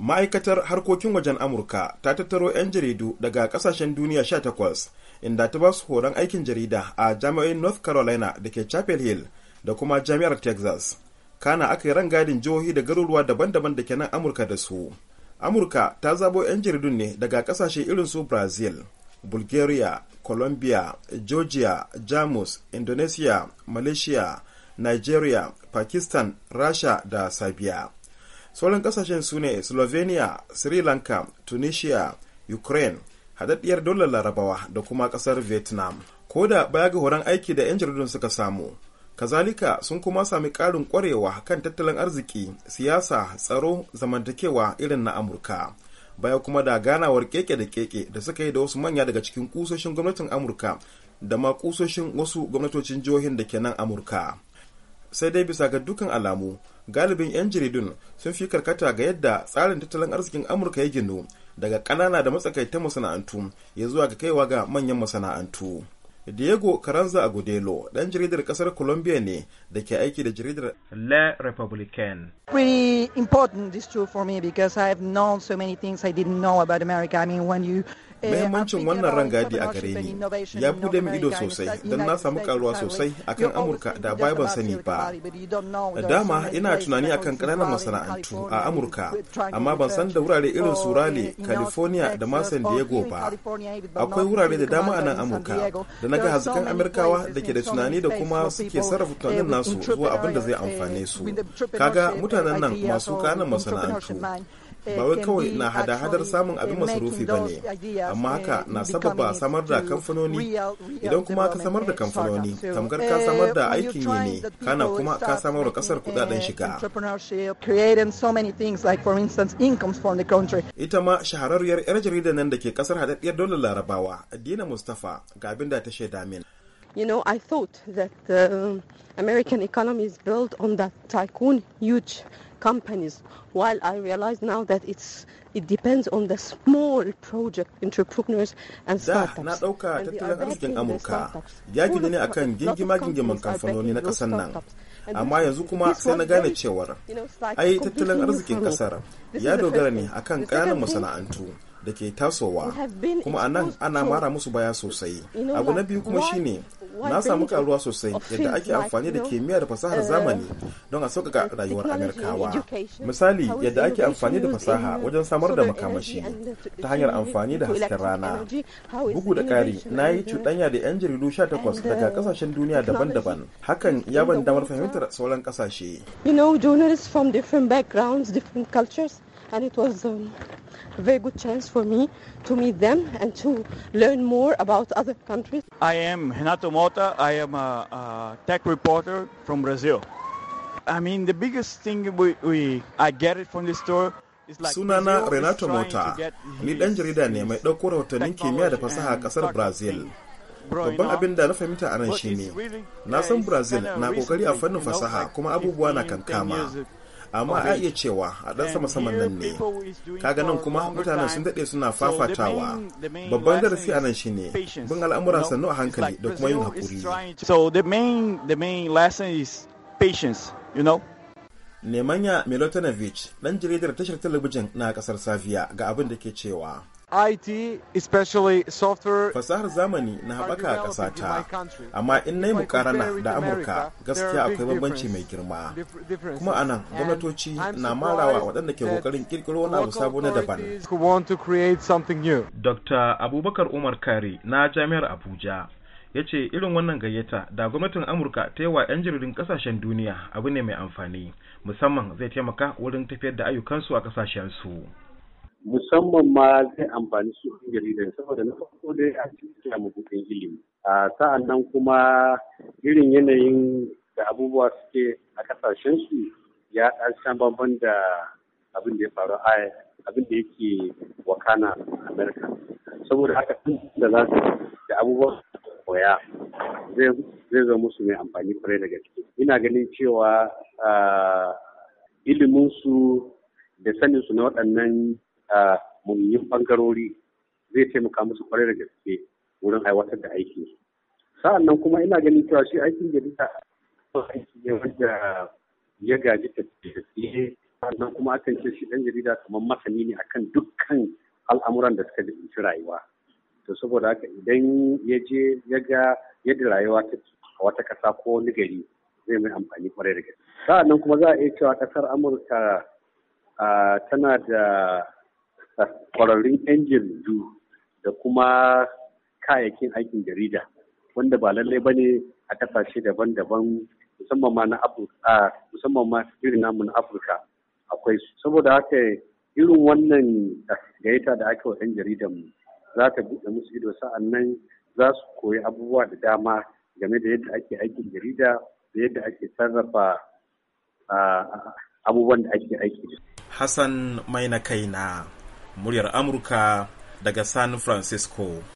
ma'aikatar harkokin wajen amurka ta tattaro 'yan jaridu daga kasashen duniya 18 inda ta ba su horon aikin jarida a jami'o'in north carolina da ke chapel hill da kuma jami'ar texas kana aka yi rangadin jihohi da garuruwa daban-daban da ke nan amurka da su amurka ta zabo 'yan jaridun ne daga kasashe irin su brazil bulgaria colombia georgia jamus indonesia malaysia nigeria pakistan rasha da serbia sauran kasashen su ne slovenia sri lanka tunisia ukraine hadaddiyar dolar larabawa da kuma kasar vietnam ko da baya ga horon aiki da 'yan jaridun suka samu kazalika sun kuma sami ƙarin ƙwarewa kan tattalin arziki siyasa tsaro zamantakewa irin na amurka baya kuma da ganawar keke da keke da suka yi da wasu manya daga cikin kusoshin gwamnatin amurka da ma kusoshin wasu gwamnatocin jihohin da ke nan amurka sai dai bisa ga dukkan alamu galibin 'yan jaridun sun fi karkata ga yadda tsarin tattalin arzikin amurka ya ginu daga kanana da matsakaita masana'antu ya zuwa ga kaiwa ga manyan masana'antu diego caranza agudelo dan jaridar kasar colombia ne da ke aiki da jaridar le republican pretty important this too for me because i have known so many things i didn't know about america i mean when you Eh, Mahimmancin wannan rangadi a gare ni ya bude min ido sosai don na samu karuwa sosai akan Amurka da bai ban sani ba. Da dama ina tunani akan ƙananan masana'antu a Amurka, amma ban san da wurare irin su California da ma San Diego ba. Akwai wurare da dama a nan Amurka da na ga hazikan Amurkawa da ke da tunani da kuma suke sarrafa eh, tunanin nasu zuwa abin da zai amfane eh, su. Kaga mutanen nan masu ƙananan masana'antu Eh, ba wai kawai na hada-hadar samun eh, abin masarufi ba ne amma haka eh, na sababa samar da kamfanoni idan kuma ka samar da kamfanoni tamkar ka samar da aikin yi ne kana kuma ka samar da kasar kudaden shiga ita ma shahararriyar yar jarida nan da ke kasar haɗaɗɗiyar dole larabawa dina mustapha ga abin da ta shaida min you know, I thought that the um, American economy is built on that tycoon huge companies. While I realize now that it's it depends on the small project entrepreneurs and startups. na ɗauka tattalin arzikin Amurka ya gina ne akan gingima-gingiman kamfanoni na ƙasar nan. Amma yanzu kuma sai na gane cewar ai tattalin arzikin ƙasar ya dogara ne akan ƙananan masana'antu. da ke tasowa kuma a nan ana mara musu baya sosai abu na biyu kuma shine na samu karuwa sosai yadda ake amfani da kimiyya da fasahar uh, zamani don a sauƙaƙa rayuwar amerikawa misali yadda ake amfani da fasaha wajen samar da makamashi ta hanyar amfani da hasken rana bugu da ƙari na yi cuɗanya da 'yan jaridu 18 daga ƙasashen duniya daban-daban hakan ya ban damar fahimtar sauran ƙasashe a very good chance for me to meet them and to learn more about other countries. I am Renato Mota. I am a, a tech reporter from Brazil. I mean, the biggest thing we, we I get it from this tour sunana renato mota ni dan jarida ne mai ɗauko rahotannin kimiyya da fasaha a ƙasar brazil babban abin da na fahimta a nan shine na san brazil na ƙoƙari a fannin fasaha kuma abubuwa na kankama amma a iya cewa a ɗan sama saman nan ne kaga nan kuma mutanen sun daɗe suna fafatawa babban darasi a nan shine bin al'amuran sannu a hankali da kuma yin haƙuri so the ɗan jaridar tashar talabijin na ƙasar Safiya ga abin da ke cewa IT, especially software. Fasahar zamani na haɓaka a ƙasa ta, amma in na yi mukarana da Amurka gaskiya akwai bambanci mai girma. Kuma a gwamnatoci na marawa waɗanda ke ƙoƙarin ƙirƙiro wani abu sabo na daban. Dr. Abubakar Umar Kare na Jami'ar Abuja ya ce irin wannan gayyata da gwamnatin Amurka ta yi wa 'yan jirgin ƙasashen duniya abu ne mai amfani, musamman zai taimaka wurin tafiyar da ayyukansu a ƙasashensu. musamman ma zai amfani su ɗan jaridar saboda na farko dai a cikin mabuɗin ilimi a sa'an nan kuma irin yanayin da abubuwa suke a kasashen su ya ɗan shan da abin da ya faru a abin da yake wakana a amerika saboda haka da za su da abubuwa koya zai zama musu mai amfani kwarai daga ciki. ina ganin cewa iliminsu da saninsu na waɗannan muhimmin bangarori zai taimaka musu kwarai da gaske wurin aiwatar da aiki sa'an nan kuma ina ganin cewa shi aikin jarida aiki ne wanda ya gaji tafiye sannan kuma akan ce shi ɗan jarida kamar masani ne akan dukkan al'amuran da suka jibinci rayuwa to saboda haka idan ya je ya ga yadda rayuwa ta a wata ƙasa ko wani gari zai mai amfani kwarai da gaske sa'an nan kuma za a iya cewa ƙasar amurka tana da kwararrun 'yan jaridu da kuma kayayyakin aikin jarida wanda ba lallai ba ne a kasashe daban-daban musamman ma na afirka musamman ma irin namu na afirka akwai su saboda haka irin wannan gaita da aka wa 'yan jaridan mu za ta buɗe musu ido sa'an nan za su koyi abubuwa da dama game da yadda ake aikin jarida da yadda ake sarrafa abubuwan da ake aiki. Hassan mai na kaina muryar Amurka daga San Francisco.